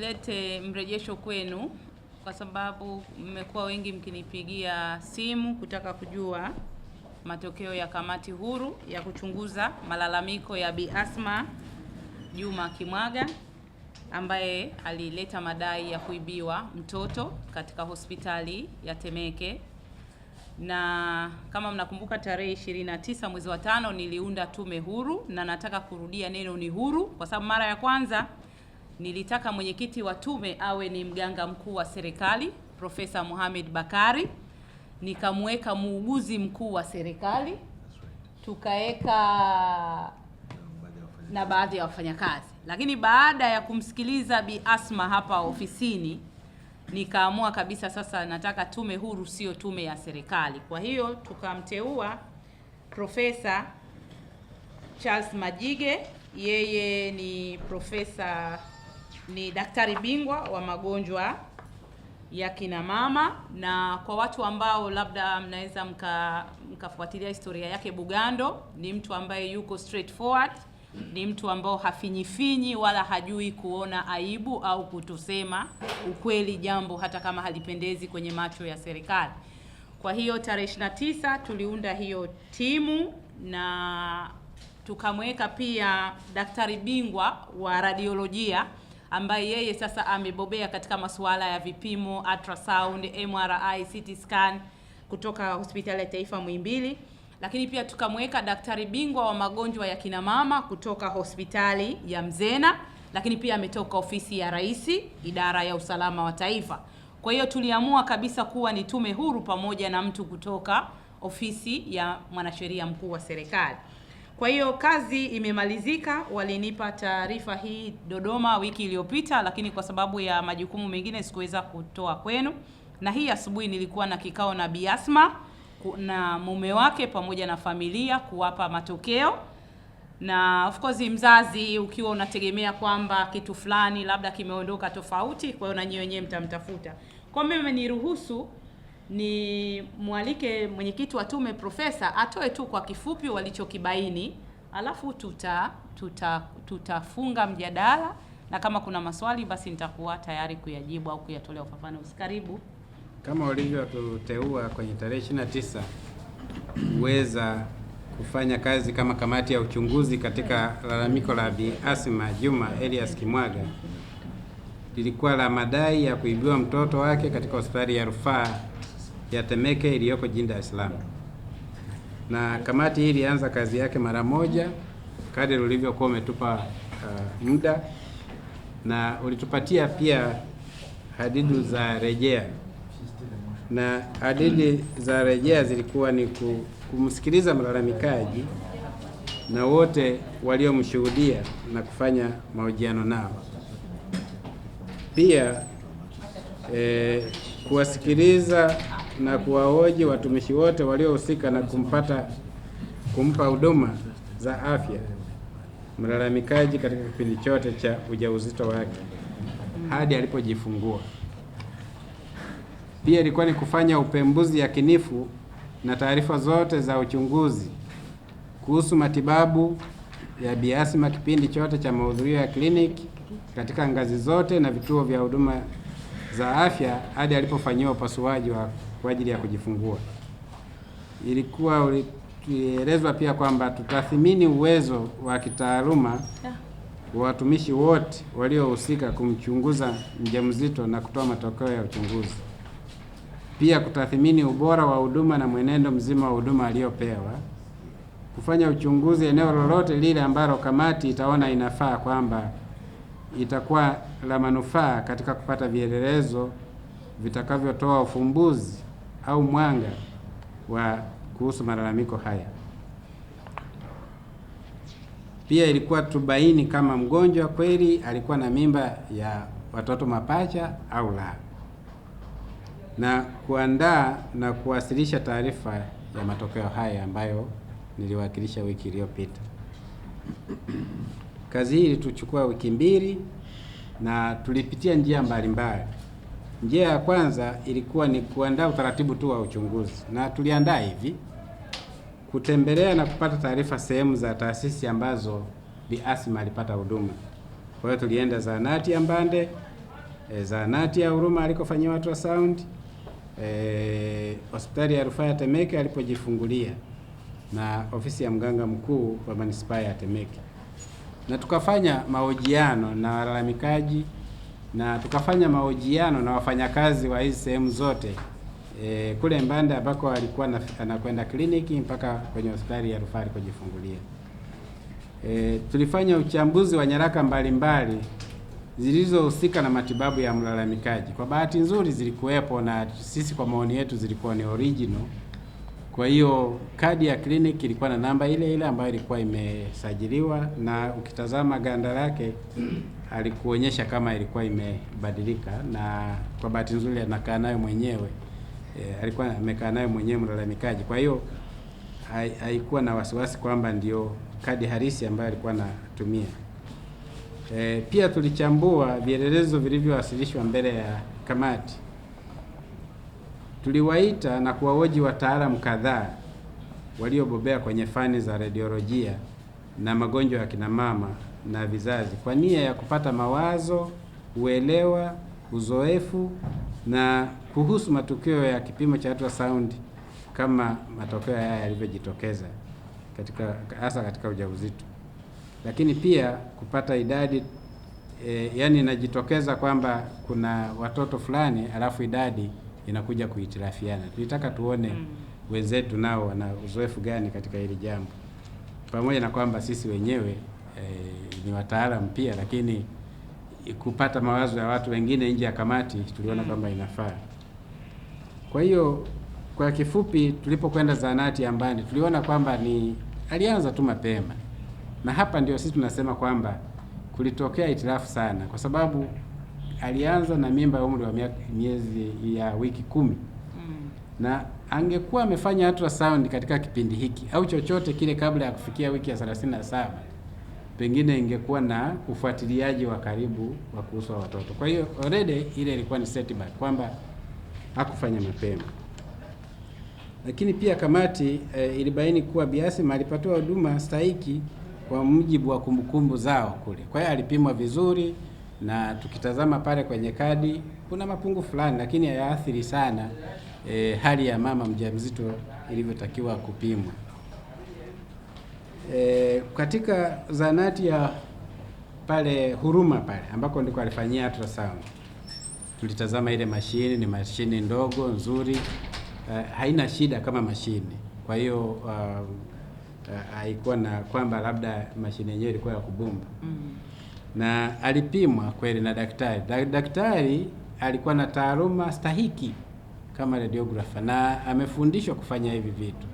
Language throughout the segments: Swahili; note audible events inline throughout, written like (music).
nilete mrejesho kwenu, kwa sababu mmekuwa wengi mkinipigia simu kutaka kujua matokeo ya kamati huru ya kuchunguza malalamiko ya Bi Asma Juma Kimwaga ambaye alileta madai ya kuibiwa mtoto katika hospitali ya Temeke na kama mnakumbuka tarehe 29 mwezi wa tano niliunda tume huru, na nataka kurudia neno ni huru, kwa sababu mara ya kwanza nilitaka mwenyekiti wa tume awe ni mganga mkuu wa serikali Profesa Mohamed Bakari, nikamweka muuguzi mkuu wa serikali, tukaweka na baadhi ya wafanyakazi. Lakini baada ya kumsikiliza Bi Asma hapa ofisini, nikaamua kabisa sasa nataka tume huru, sio tume ya serikali. Kwa hiyo tukamteua Profesa Charles Majige, yeye ni profesa ni daktari bingwa wa magonjwa ya kina mama, na kwa watu ambao labda mnaweza mkafuatilia mka historia yake, Bugando ni mtu ambaye yuko straightforward, ni mtu ambao hafinyifinyi wala hajui kuona aibu au kutosema ukweli jambo hata kama halipendezi kwenye macho ya serikali. Kwa hiyo tarehe 29 tuliunda hiyo timu na tukamweka pia daktari bingwa wa radiolojia ambaye yeye sasa amebobea katika masuala ya vipimo, ultrasound, MRI, CT scan kutoka hospitali ya taifa Muhimbili, lakini pia tukamweka daktari bingwa wa magonjwa ya kinamama kutoka hospitali ya Mzena, lakini pia ametoka ofisi ya Rais, idara ya usalama wa taifa. Kwa hiyo tuliamua kabisa kuwa ni tume huru pamoja na mtu kutoka ofisi ya mwanasheria mkuu wa serikali. Kwa hiyo kazi imemalizika, walinipa taarifa hii Dodoma wiki iliyopita, lakini kwa sababu ya majukumu mengine sikuweza kutoa kwenu, na hii asubuhi nilikuwa na kikao na Biasma na mume wake pamoja na familia kuwapa matokeo na of course mzazi ukiwa unategemea kwamba kitu fulani labda kimeondoka tofauti, kwa hiyo na nyinyi wenyewe mtamtafuta. Kwa mimi niruhusu ni mwalike mwenyekiti wa tume profesa atoe tu kwa kifupi walichokibaini, alafu tuta tutafunga tuta mjadala, na kama kuna maswali basi nitakuwa tayari kuyajibu au kuyatolea ufafanuzi. Karibu. Kama ulivyotuteua kwenye tarehe 29 uweza kufanya kazi kama kamati ya uchunguzi katika lalamiko la Bi Asma Juma Elias Kimwaga lilikuwa la madai ya kuibiwa mtoto wake katika hospitali ya rufaa ya Temeke iliyoko jijini Dar es Salaam, na kamati hii ilianza kazi yake mara moja kadri ulivyokuwa umetupa uh, muda na ulitupatia pia hadidu za rejea, na hadidi za rejea zilikuwa ni kumsikiliza mlalamikaji na wote waliomshuhudia na kufanya mahojiano nao pia eh, kuwasikiliza na kuwahoji watumishi wote waliohusika na kumpata kumpa huduma za afya mlalamikaji katika kipindi chote cha ujauzito wake hadi alipojifungua. Pia ilikuwa ni kufanya upembuzi yakinifu na taarifa zote za uchunguzi kuhusu matibabu ya biasima kipindi chote cha mahudhurio ya kliniki katika ngazi zote na vituo vya huduma za afya hadi alipofanyiwa upasuaji wa kwa ajili ya kujifungua. Ilikuwa ulielezwa pia kwamba tutathimini uwezo wa kitaaluma wa watumishi wote waliohusika kumchunguza mjamzito na kutoa matokeo ya uchunguzi, pia kutathimini ubora wa huduma na mwenendo mzima wa huduma aliyopewa, kufanya uchunguzi eneo lolote lile ambalo kamati itaona inafaa kwamba itakuwa la manufaa katika kupata vielelezo vitakavyotoa ufumbuzi au mwanga wa kuhusu malalamiko haya. Pia ilikuwa tubaini kama mgonjwa kweli alikuwa na mimba ya watoto mapacha au la, na kuandaa na kuwasilisha taarifa ya matokeo haya ambayo niliwakilisha wiki iliyopita. Kazi hii ilituchukua wiki mbili na tulipitia njia mbalimbali. Njia ya kwanza ilikuwa ni kuandaa utaratibu tu wa uchunguzi, na tuliandaa hivi: kutembelea na kupata taarifa sehemu za taasisi ambazo Bi Asma alipata huduma. Kwa hiyo tulienda zahanati ya Mbande, e, zahanati ya Huruma alikofanyiwa ultrasound, e, hospitali ya rufaa ya Temeke alipojifungulia na ofisi ya mganga mkuu wa manispaa ya Temeke, na tukafanya mahojiano na walalamikaji na tukafanya mahojiano na wafanyakazi wa hizi sehemu zote e, kule Mbande ambako alikuwa anakwenda kliniki mpaka kwenye hospitali ya rufaa alikojifungulia. E, tulifanya uchambuzi wa nyaraka mbalimbali zilizohusika na matibabu ya mlalamikaji. Kwa bahati nzuri zilikuwepo na sisi, kwa maoni yetu zilikuwa ni original. Kwa hiyo kadi ya kliniki ilikuwa na namba ile ile ambayo ilikuwa imesajiliwa, na ukitazama ganda lake alikuonyesha kama ilikuwa imebadilika, na kwa bahati nzuri anakaa nayo mwenyewe e, alikuwa amekaa nayo mwenyewe mlalamikaji. Kwa hiyo haikuwa na wasiwasi kwamba ndio kadi halisi ambayo alikuwa anatumia. E, pia tulichambua vielelezo vilivyowasilishwa mbele ya kamati. Tuliwaita na kuwahoji wataalamu kadhaa waliobobea kwenye fani za radiolojia na magonjwa ya kina mama na vizazi kwa nia ya kupata mawazo, uelewa, uzoefu na kuhusu matukio ya kipimo cha ultrasound kama matokeo haya yalivyojitokeza katika hasa katika ujauzito, lakini pia kupata idadi e, yani inajitokeza kwamba kuna watoto fulani alafu idadi inakuja kuhitilafiana. Tulitaka tuone mm, wenzetu nao wana uzoefu gani katika hili jambo, pamoja na kwamba sisi wenyewe eh, ni wataalamu pia, lakini kupata mawazo ya watu wengine nje ya kamati tuliona mm. kwamba inafaa. Kwa hiyo kwa kifupi, tulipokwenda zahanati ya Mbande tuliona kwamba ni alianza tu mapema, na hapa ndio sisi tunasema kwamba kulitokea itilafu sana, kwa sababu alianza na mimba ya umri wa miezi ya wiki kumi mm. na angekuwa amefanya ultrasound katika kipindi hiki au chochote kile kabla ya kufikia wiki ya 37 na pengine ingekuwa na ufuatiliaji wa karibu wa kuhusu watoto. Kwa hiyo already ile ilikuwa ni setback kwamba hakufanya mapema. Lakini pia kamati e, ilibaini kuwa Biasima alipatiwa huduma stahiki kwa mujibu wa kumbukumbu zao kule. Kwa hiyo alipimwa vizuri, na tukitazama pale kwenye kadi kuna mapungu fulani, lakini hayaathiri sana e, hali ya mama mjamzito ilivyotakiwa kupimwa. E, katika zanati ya pale Huruma pale ambako ndiko alifanyia ultrasound tulitazama ile mashini, ni mashini ndogo nzuri, uh, haina shida kama mashini. Kwa hiyo uh, uh, na kwamba labda mashini yenyewe ilikuwa ya kubumba mm -hmm. na alipimwa kweli na daktari da, daktari alikuwa na taaluma stahiki kama radiographer na amefundishwa kufanya hivi vitu,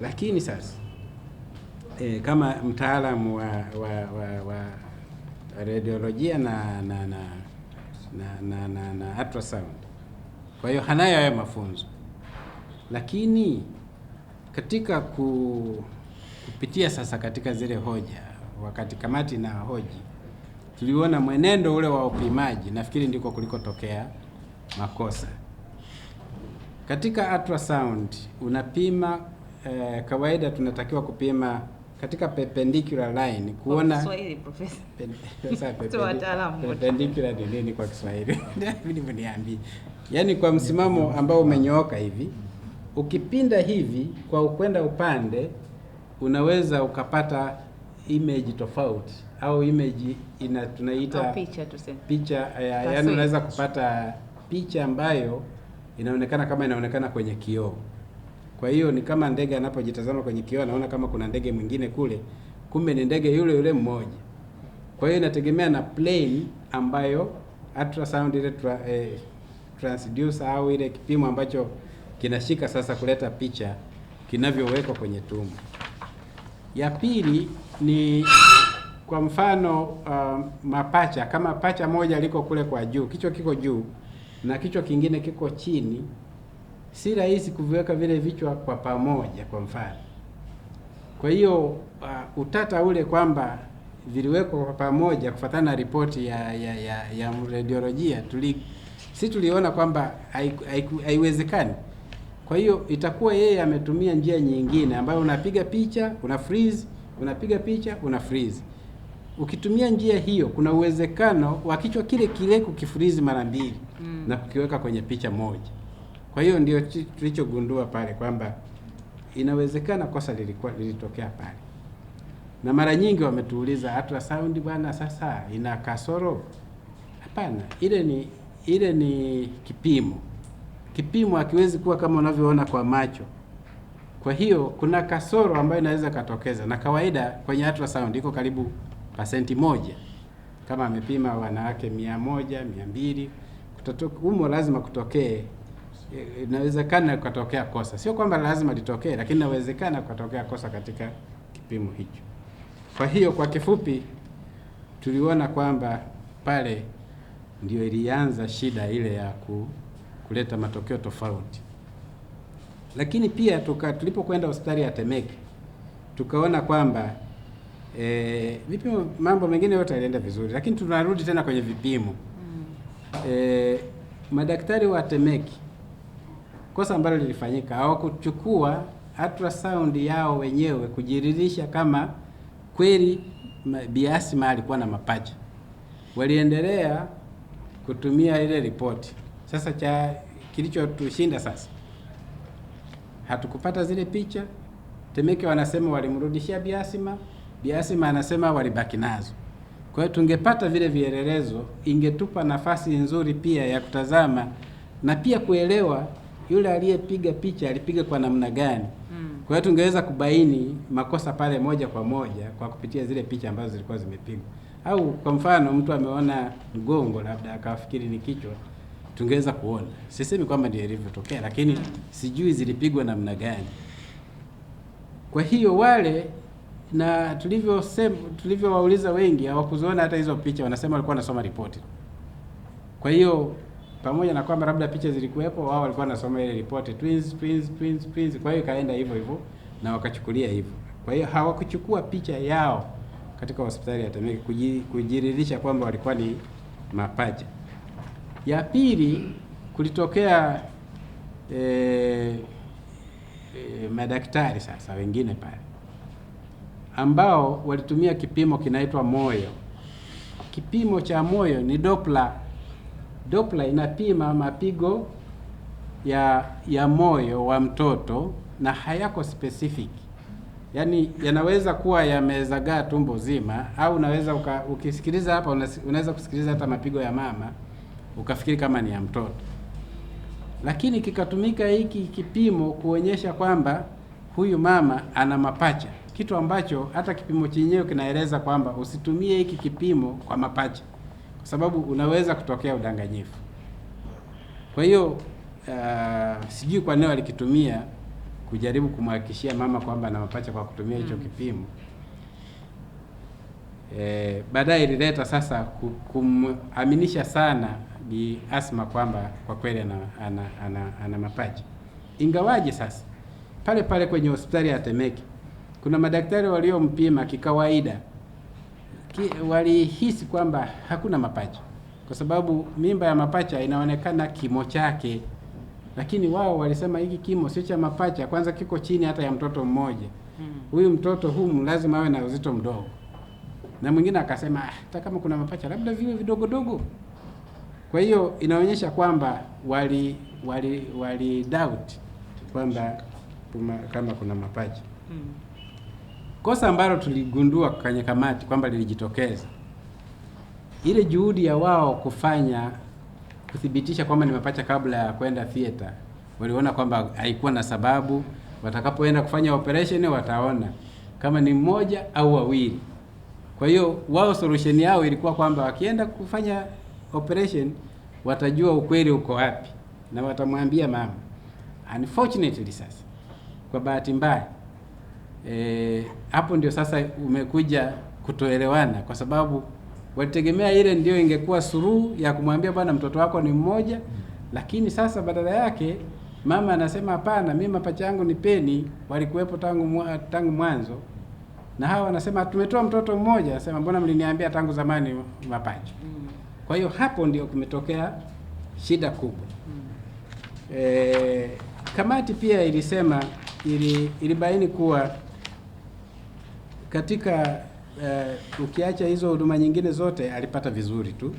lakini sasa e, kama mtaalamu wa, wa, wa, wa radiolojia na na na na, na, na, na ultrasound. Kwa hiyo hanayo hayo mafunzo, lakini katika ku, kupitia sasa katika zile hoja, wakati kamati na hoji, tuliona mwenendo ule wa upimaji, nafikiri ndiko kulikotokea makosa. Katika ultrasound unapima eh, kawaida tunatakiwa kupima katika perpendicular line kuona Kiswahili (laughs) (laughs) Perpendicular ni nini kwa Kiswahili? (laughs) Hebu niambi. Yaani kwa msimamo ambao umenyooka hivi, ukipinda hivi kwa ukwenda upande unaweza ukapata image tofauti au image ina tunaita picha tuseme. Picha eh, yaani unaweza kupata picha ambayo inaonekana kama inaonekana kwenye kioo. Kwa hiyo ni kama ndege anapojitazama kwenye kioo anaona kama kuna ndege mwingine kule, kumbe ni ndege yule yule mmoja. Kwa hiyo inategemea na plane ambayo ultrasound ile tra, eh, transducer au ile kipimo ambacho kinashika sasa kuleta picha kinavyowekwa kwenye tumbo. Ya pili ni kwa mfano uh, mapacha. Kama pacha moja liko kule kwa juu, kichwa kiko juu na kichwa kingine kiko chini si rahisi kuviweka vile vichwa kwa pamoja, kwa mfano. Kwa hiyo uh, utata ule kwamba viliwekwa kwa pamoja kufuatana na ripoti ya ya ya, ya radiolojia tuli, si tuliona kwamba haiwezekani. Kwa hiyo itakuwa yeye ametumia njia nyingine ambayo unapiga picha una freeze, unapiga picha una freeze. Ukitumia njia hiyo, kuna uwezekano wa kichwa kile kile kukifreeze mara mbili mm, na kukiweka kwenye picha moja. Kwa hiyo ndio tulichogundua pale kwamba inawezekana kosa lilikuwa lilitokea pale, na mara nyingi wametuuliza ultrasound bwana, sasa ina kasoro? Hapana, ile ni ile ni kipimo. Kipimo hakiwezi kuwa kama unavyoona kwa macho. Kwa hiyo kuna kasoro ambayo inaweza katokeza, na kawaida kwenye ultrasound iko karibu pasenti moja. Kama amepima wanawake mia moja mia mbili humo lazima kutokee inawezekana kutokea kosa, sio kwamba lazima litokee, lakini inawezekana kutokea kosa katika kipimo hicho. Kwa hiyo kwa kifupi, tuliona kwamba pale ndio ilianza shida ile ya ku, kuleta matokeo tofauti, lakini pia tuka tulipokwenda hospitali ya Temeke tukaona kwamba e, vipimo mambo mengine yote yalienda vizuri, lakini tunarudi tena kwenye vipimo mm. E, madaktari wa Temeke kosa ambalo lilifanyika, hawakuchukua ultrasound yao wenyewe kujiridhisha kama kweli Bi Asma alikuwa na mapacha. Waliendelea kutumia ile ripoti. Sasa cha kilichotushinda sasa, hatukupata zile picha. Temeke wanasema walimrudishia Bi Asma, Bi Asma anasema walibaki nazo. Kwa hiyo tungepata vile vielelezo, ingetupa nafasi nzuri pia ya kutazama na pia kuelewa yule aliyepiga picha alipiga kwa namna gani. Hmm. Kwa hiyo tungeweza kubaini makosa pale moja kwa moja kwa kupitia zile picha ambazo zilikuwa zimepigwa. Au kwa mfano mtu ameona mgongo labda akafikiri ni kichwa, tungeweza kuona. Sisemi kwamba ndio ilivyotokea, lakini hmm. sijui zilipigwa namna gani. Kwa hiyo wale na tulivyosema, tulivyowauliza wengi hawakuziona hata hizo picha, wanasema walikuwa wanasoma ripoti. Kwa hiyo pamoja na kwamba labda picha zilikuwepo, wao walikuwa wanasoma ile ripoti twins twins twins twins, kwa hiyo ikaenda hivyo hivyo na wakachukulia hivyo. Kwa hiyo hawakuchukua picha yao katika hospitali ya Temeke kujiridhisha kwamba walikuwa ni mapacha. Ya pili, kulitokea e, e, madaktari sasa wengine pale ambao walitumia kipimo kinaitwa moyo. Kipimo cha moyo ni Doppler Doppler inapima mapigo ya ya moyo wa mtoto na hayako specific, yaani yanaweza kuwa yamezagaa tumbo zima, au unaweza uka, ukisikiliza hapa unaweza kusikiliza hata mapigo ya mama ukafikiri kama ni ya mtoto, lakini kikatumika hiki kipimo kuonyesha kwamba huyu mama ana mapacha, kitu ambacho hata kipimo chenyewe kinaeleza kwamba usitumie hiki kipimo kwa mapacha kwa sababu unaweza kutokea udanganyifu. Kwa hiyo uh, sijui kwa nini alikitumia kujaribu kumhakikishia mama kwamba ana mapacha kwa kutumia hicho mm. kipimo. E, baadaye ilileta sasa kumaminisha sana Bi Asma kwamba kwa kweli ana, ana, ana, ana mapacha. Ingawaje sasa pale pale kwenye hospitali ya Temeke kuna madaktari waliompima kikawaida walihisi kwamba hakuna mapacha, kwa sababu mimba ya mapacha inaonekana kimo chake, lakini wao walisema hiki kimo sio cha mapacha, kwanza kiko chini hata ya mtoto mmoja. Hmm. Huyu mtoto huyu lazima awe na uzito mdogo. Na mwingine akasema ah, hata kama kuna mapacha labda viwe vidogo dogo. Kwa hiyo inaonyesha kwamba wali wali wali doubt kwamba kama kuna mapacha hmm. Kosa ambalo tuligundua kwenye kamati kwamba lilijitokeza, ile juhudi ya wao kufanya kuthibitisha kwamba nimepacha kabla ya kwenda theater, waliona kwamba haikuwa na sababu. Watakapoenda kufanya operation wataona kama ni mmoja au wawili. Kwa hiyo wao solution yao ilikuwa kwamba wakienda kufanya operation watajua ukweli uko wapi na watamwambia mama. Unfortunately, sasa kwa bahati mbaya e, hapo ndio sasa umekuja kutoelewana, kwa sababu walitegemea ile ndio ingekuwa suruhu ya kumwambia bwana, mtoto wako ni mmoja, lakini sasa badala yake mama anasema hapana, mimi mapacha yangu ni peni, walikuwepo tangu tangu mwanzo, na hawa wanasema tumetoa mtoto mmoja, anasema mbona mliniambia tangu zamani mapacha? Kwa hiyo hapo ndio kumetokea shida kubwa. E, kamati pia ilisema ili, ilibaini kuwa katika uh, ukiacha hizo huduma nyingine zote alipata vizuri tu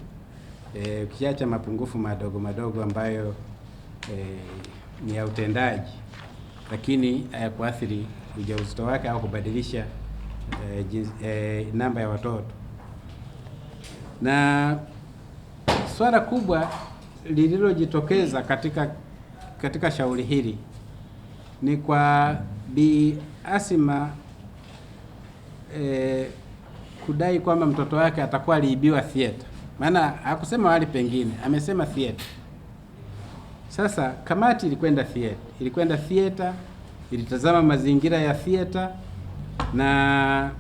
e, ukiacha mapungufu madogo madogo ambayo e, ni ya utendaji, lakini hayakuathiri ujauzito wake au kubadilisha e, jiz, e, namba ya watoto. Na swala kubwa lililojitokeza katika katika shauri hili ni kwa Bi Asima eh, kudai kwamba mtoto wake atakuwa aliibiwa theater. Maana hakusema wali pengine, amesema theater. Sasa kamati ilikwenda theater, ilikwenda theater, ilitazama mazingira ya theater na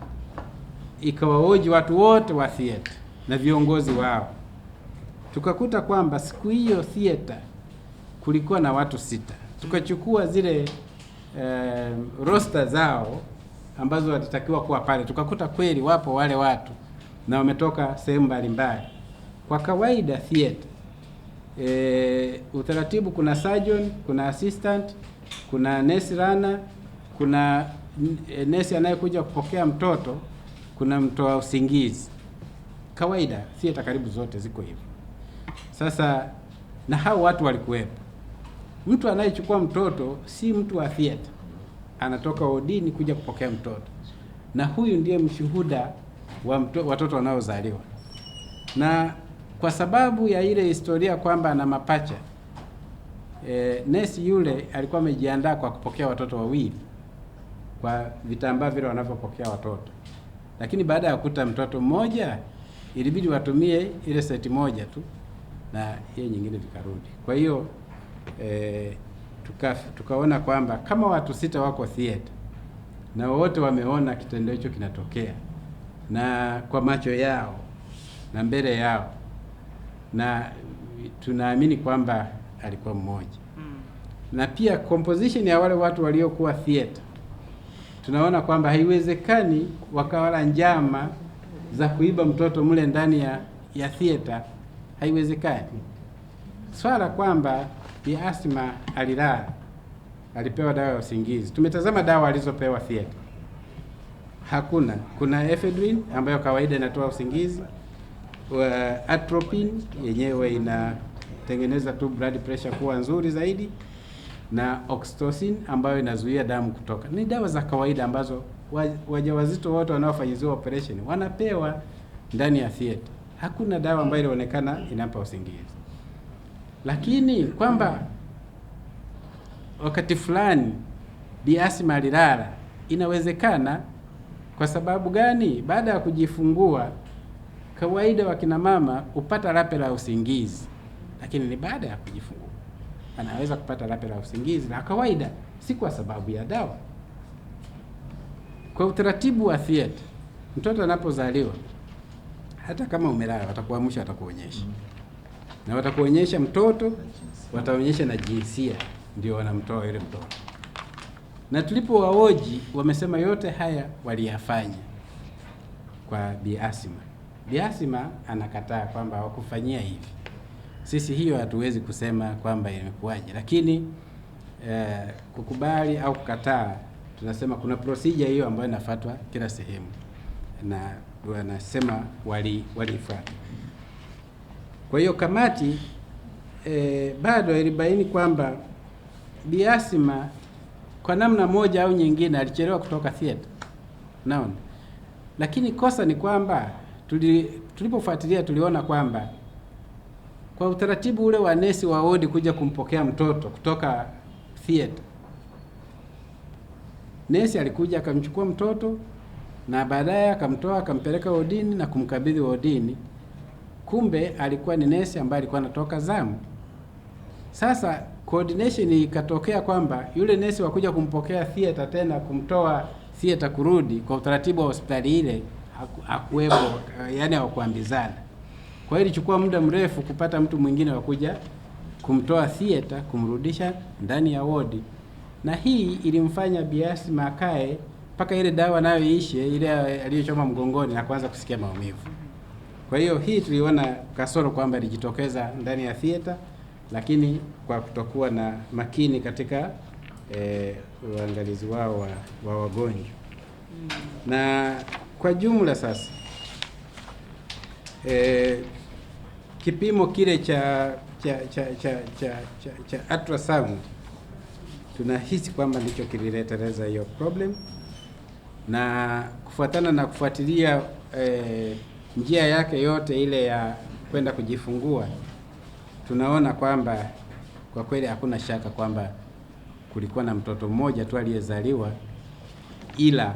ikawaoji watu wote wa theater na viongozi wao. Tukakuta kwamba siku hiyo theater kulikuwa na watu sita. Tukachukua zile eh, roster zao ambazo walitakiwa kuwa pale, tukakuta kweli wapo wale watu na wametoka sehemu mbalimbali. Kwa kawaida theater e, utaratibu kuna surgeon, kuna assistant, kuna nurse runner, kuna nesi anayekuja kupokea mtoto, kuna mtoa usingizi. Kawaida theater karibu zote ziko hivyo. Sasa na hao watu walikuwepo. Mtu anayechukua mtoto si mtu wa theater anatoka odini kuja kupokea mtoto, na huyu ndiye mshuhuda wa mto, watoto wanaozaliwa. Na kwa sababu ya ile historia kwamba ana mapacha e, nesi yule alikuwa amejiandaa kwa kupokea watoto wawili kwa vitambaa vile wanavyopokea watoto, lakini baada ya kukuta mtoto mmoja ilibidi watumie ile seti moja tu na hiyo nyingine vikarudi. Kwa hiyo eh, tuka, tukaona kwamba kama watu sita wako theater na wote wameona kitendo hicho kinatokea na kwa macho yao na mbele yao, na tunaamini kwamba alikuwa mmoja mm. Na pia composition ya wale watu waliokuwa theater tunaona kwamba haiwezekani wakawala njama za kuiba mtoto mle ndani ya ya theater, haiwezekani swala kwamba Bi Asma alilala, alipewa dawa ya usingizi. Tumetazama dawa alizopewa theater, hakuna. Kuna ephedrine ambayo kawaida inatoa usingizi, atropine yenyewe inatengeneza tu blood pressure kuwa nzuri zaidi, na oxytocin ambayo inazuia damu kutoka. Ni dawa za kawaida ambazo wajawazito wote wanaofanyiziwa operation wanapewa ndani ya theater. Hakuna dawa ambayo ilionekana inampa usingizi lakini kwamba wakati fulani diasi malilala inawezekana. Kwa sababu gani? Baada ya kujifungua, kawaida wakina mama hupata lape la usingizi, lakini ni baada ya kujifungua anaweza kupata lape la usingizi la kawaida, si kwa sababu ya dawa. Kwa utaratibu wa theater, mtoto anapozaliwa, hata kama umelala, watakuamsha, watakuonyesha na watakuonyesha mtoto, wataonyesha na jinsia, ndio wanamtoa yule mtoto. Na tulipowaoji wamesema yote haya waliyafanya kwa Bi biasima Bi anakataa kwamba hawakufanyia hivi. Sisi hiyo hatuwezi kusema kwamba imekuwaje, lakini eh, kukubali au kukataa, tunasema kuna procedure hiyo ambayo inafuatwa kila sehemu, na wanasema wali walifuata. Kwa hiyo kamati e, bado ilibaini kwamba Bi kwa namna moja au nyingine alichelewa kutoka theater. Naona. Lakini kosa ni kwamba tuli, tulipofuatilia tuliona kwamba kwa utaratibu ule wa nesi wa wodi kuja kumpokea mtoto kutoka theater. Nesi alikuja akamchukua mtoto na baadaye akamtoa akampeleka wodini na kumkabidhi wodini kumbe alikuwa ni nesi ambaye alikuwa anatoka zamu. Sasa coordination ikatokea kwamba yule nesi wakuja kumpokea theater tena kumtoa theater kurudi kwa utaratibu wa hospitali ile hakuwepo, eh, yani hawakuambizana. Kwa hiyo ilichukua muda mrefu kupata mtu mwingine kuja kumtoa theater kumrudisha ndani ya wodi, na hii ilimfanya Biasi makae mpaka ile dawa nayo ishe ile aliyochoma mgongoni na kuanza kusikia maumivu. Kwa hiyo hii tuliona kasoro kwamba ilijitokeza ndani ya theater, lakini kwa kutokuwa na makini katika eh, uangalizi wao wa, wa wagonjwa mm. Na kwa jumla sasa eh, kipimo kile cha cha cha cha cha, cha, cha ultrasound tunahisi kwamba ndicho kilileteleza hiyo problem, na kufuatana na kufuatilia eh, njia yake yote ile ya kwenda kujifungua, tunaona kwamba kwa kweli hakuna shaka kwamba kulikuwa na mtoto mmoja tu aliyezaliwa, ila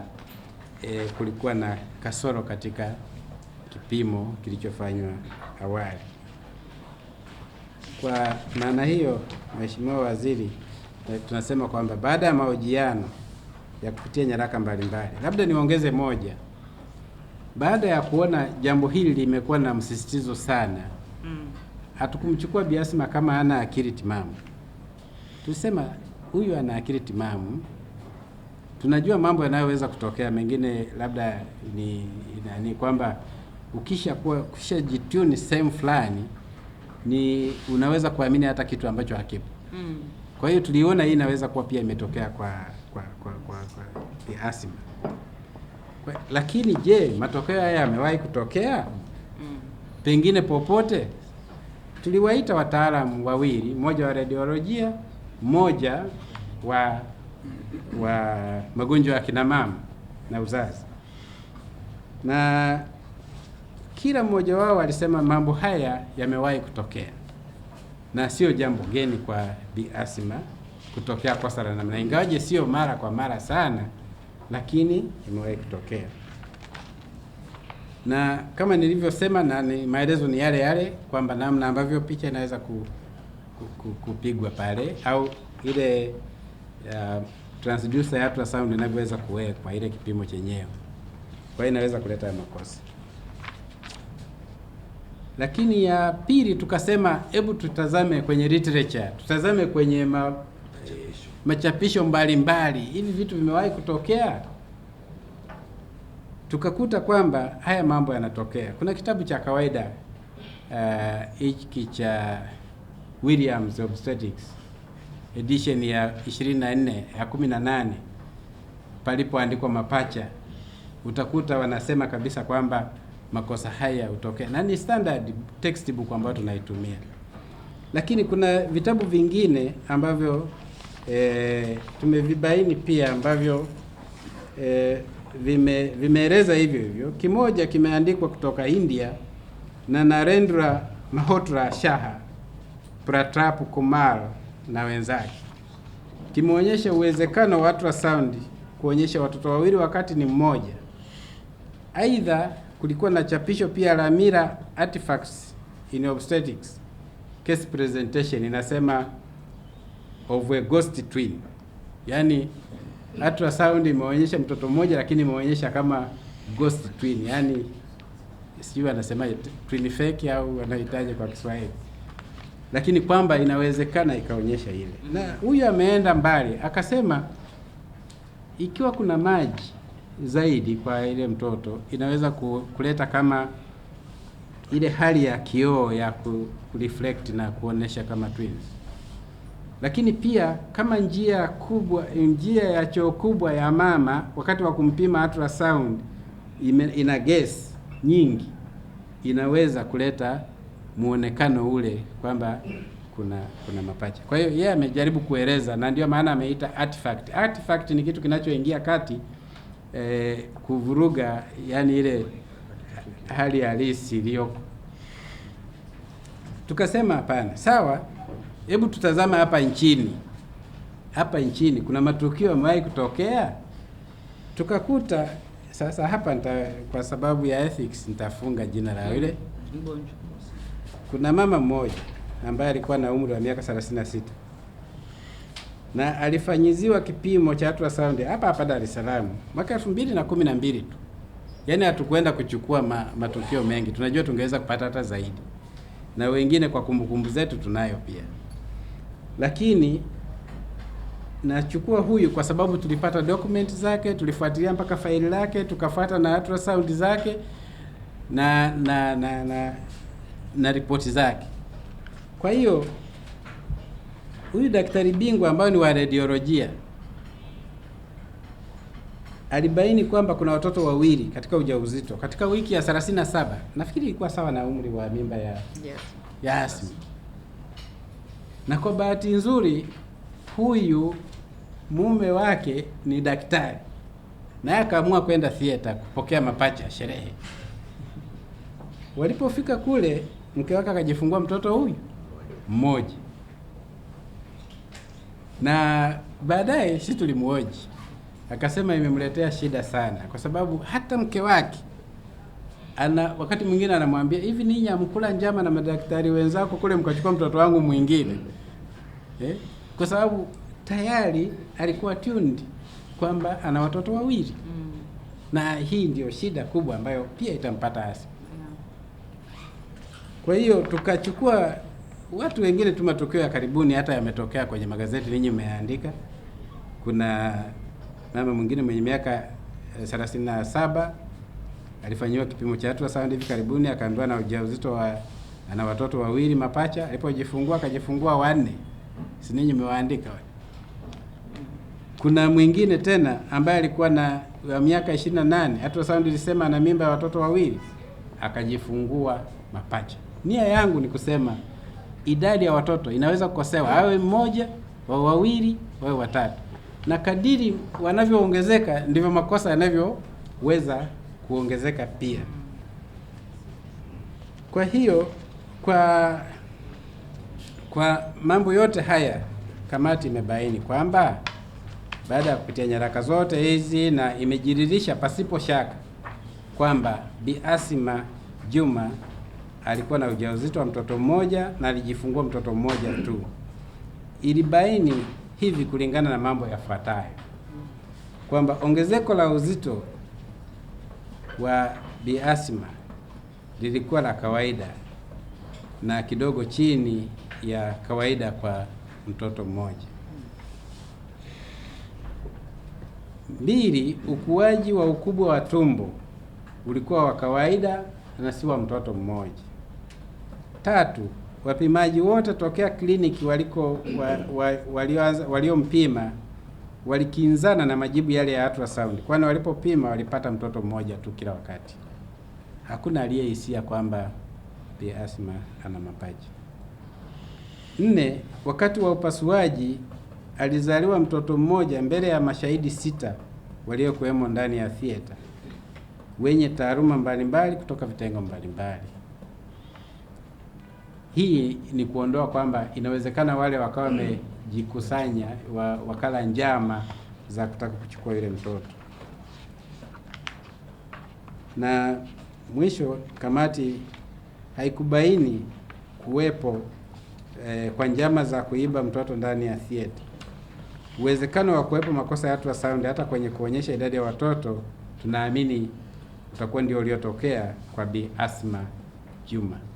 e, kulikuwa na kasoro katika kipimo kilichofanywa awali. Kwa maana hiyo, Mheshimiwa Waziri, eh, tunasema kwamba baada ya mahojiano ya kupitia nyaraka mbalimbali, labda niongeze moja. Baada ya kuona jambo hili limekuwa na msisitizo sana mm. hatukumchukua biasima kama ana akili timamu, tusema huyu ana akili timamu. Tunajua mambo yanayoweza kutokea, mengine labda ni nani, kwamba ukisha kuwa kisha jituni sehemu fulani ni unaweza kuamini hata kitu ambacho hakipo mm. Kwa hiyo tuliona hii inaweza kuwa pia imetokea kwa kwa kwa, kwa, kwa Bi lakini je, matokeo haya yamewahi kutokea? Mm. Pengine popote. Tuliwaita wataalamu wawili, mmoja wa radiolojia, mmoja wa wa magonjwa ya kina mama na uzazi, na kila mmoja wao alisema mambo haya yamewahi kutokea na sio jambo geni kwa Bi kutokea kosa la namna, ingawaje sio mara kwa mara sana lakini imewahi kutokea, na kama nilivyosema, na ni maelezo ni yale yale kwamba namna ambavyo picha inaweza ku, ku, ku, kupigwa pale au ile uh, transducer ya ultrasound inavyoweza kuwekwa ile kipimo chenyewe, kwa hiyo inaweza kuleta makosa. Lakini ya pili tukasema, hebu tutazame kwenye literature, tutazame kwenye ma, machapisho mbalimbali mbali. Hivi vitu vimewahi kutokea, tukakuta kwamba haya mambo yanatokea. Kuna kitabu cha kawaida eh, hiki uh, cha Williams Obstetrics edition ya 24 ya 18 palipoandikwa mapacha, utakuta wanasema kabisa kwamba makosa haya hutokea na ni standard textbook ambayo tunaitumia, lakini kuna vitabu vingine ambavyo e, tumevibaini pia ambavyo e, vime vimeeleza hivyo hivyo. Kimoja kimeandikwa kutoka India na Narendra mahotra Shaha Pratap Kumar na wenzake, kimeonyesha uwezekano wa ultrasound kuonyesha watoto wawili wakati ni mmoja. Aidha, kulikuwa na chapisho pia la Mira Artifacts in Obstetrics Case Presentation inasema of a ghost twin, yaani ultrasound imeonyesha mtoto mmoja lakini imeonyesha kama ghost twin, yani sijui anasema twin fake au anahitaji kwa Kiswahili, lakini kwamba inawezekana ikaonyesha ile. Na huyu ameenda mbali akasema ikiwa kuna maji zaidi kwa ile mtoto inaweza kuleta kama ile hali ya kioo ya kureflect na kuonesha kama twins lakini pia kama njia kubwa, njia ya choo kubwa ya mama wakati wa kumpima ultrasound ina gesi nyingi, inaweza kuleta muonekano ule kwamba kuna kuna mapacha. Kwa hiyo yeye amejaribu kueleza na ndio maana ameita artifact. Artifact ni kitu kinachoingia kati eh, kuvuruga yani ile hali halisi iliyoko. Tukasema hapana, sawa. Hebu tutazame hapa nchini, hapa nchini kuna matukio yamewahi kutokea tukakuta. Sasa hapa nita, kwa sababu ya ethics nitafunga jina la yule. Kuna mama mmoja ambaye alikuwa na umri wa miaka 36 na alifanyiziwa kipimo cha ultrasound hapa hapa Dar es Salaam mwaka 2012 tu, yaani hatukwenda kuchukua ma, matukio mengi. Tunajua tungeweza kupata hata zaidi, na wengine kwa kumbukumbu zetu tunayo pia lakini nachukua huyu kwa sababu tulipata document zake, tulifuatilia mpaka faili lake, tukafuata na ultrasound zake na na na na, na ripoti zake. Kwa hiyo huyu daktari bingwa ambayo ni wa radiolojia alibaini kwamba kuna watoto wawili katika ujauzito katika wiki ya 37 nafikiri ilikuwa sawa na umri wa mimba ya yes. ya Asmi na kwa bahati nzuri huyu mume wake ni daktari, naye akaamua kwenda theater kupokea mapacha ya sherehe. Walipofika kule, mke wake akajifungua mtoto huyu mmoja, na baadaye sisi tulimuoji, akasema imemletea shida sana, kwa sababu hata mke wake ana wakati mwingine anamwambia hivi, ninyi amkula njama na madaktari wenzako kule mkachukua mtoto wangu mwingine eh, kwa sababu tayari alikuwa tuned kwamba ana watoto wawili mm. na hii ndio shida kubwa ambayo pia itampata Asi yeah. Kwa hiyo tukachukua watu wengine tu, matokeo ya karibuni hata yametokea kwenye magazeti, ninyi mmeandika. Kuna mama mwingine mwenye miaka eh, thelathini na saba alifanyiwa kipimo cha ultrasound hivi karibuni, akaambiwa na ujauzito wa ana watoto wawili mapacha. Alipojifungua akajifungua wanne si ninyi mmewaandika wale. Kuna mwingine tena ambaye alikuwa na wa miaka ishirini na nane ultrasound ilisema ana mimba ya watoto wawili akajifungua mapacha. Nia yangu ni kusema idadi ya watoto inaweza kukosewa, awe mmoja, wa wawili, wawe watatu, na kadiri wanavyoongezeka ndivyo makosa yanavyoweza kuongezeka pia. Kwa hiyo kwa kwa mambo yote haya, kamati imebaini kwamba baada ya kupitia nyaraka zote hizi na imejiridhisha pasipo shaka kwamba Bi Asima Juma alikuwa na ujauzito wa mtoto mmoja na alijifungua mtoto mmoja tu. Ilibaini hivi kulingana na mambo yafuatayo kwamba ongezeko la uzito wa Bi Asima lilikuwa la kawaida na kidogo chini ya kawaida kwa mtoto mmoja. Mbili, ukuaji wa ukubwa wa tumbo ulikuwa wa kawaida na si wa mtoto mmoja. Tatu, wapimaji wote tokea kliniki waliko waliompima walio, waliompima walikinzana na majibu yale ya ultrasound, kwani walipopima walipata mtoto mmoja tu kila wakati. Hakuna aliyehisia kwamba Bi Asma ana mapaji. Nne, wakati wa upasuaji alizaliwa mtoto mmoja mbele ya mashahidi sita waliokuwemo ndani ya theater wenye taaluma mbalimbali kutoka vitengo mbalimbali. Hii ni kuondoa kwamba inawezekana wale wakawa mm. wamejikusanya wa, wakala njama za kutaka kuchukua yule mtoto. Na mwisho kamati haikubaini kuwepo eh, kwa njama za kuiba mtoto ndani ya theater. Uwezekano wa kuwepo makosa ya ultrasound hata kwenye kuonyesha idadi ya watoto tunaamini utakuwa ndio uliotokea kwa Bi Asma Juma.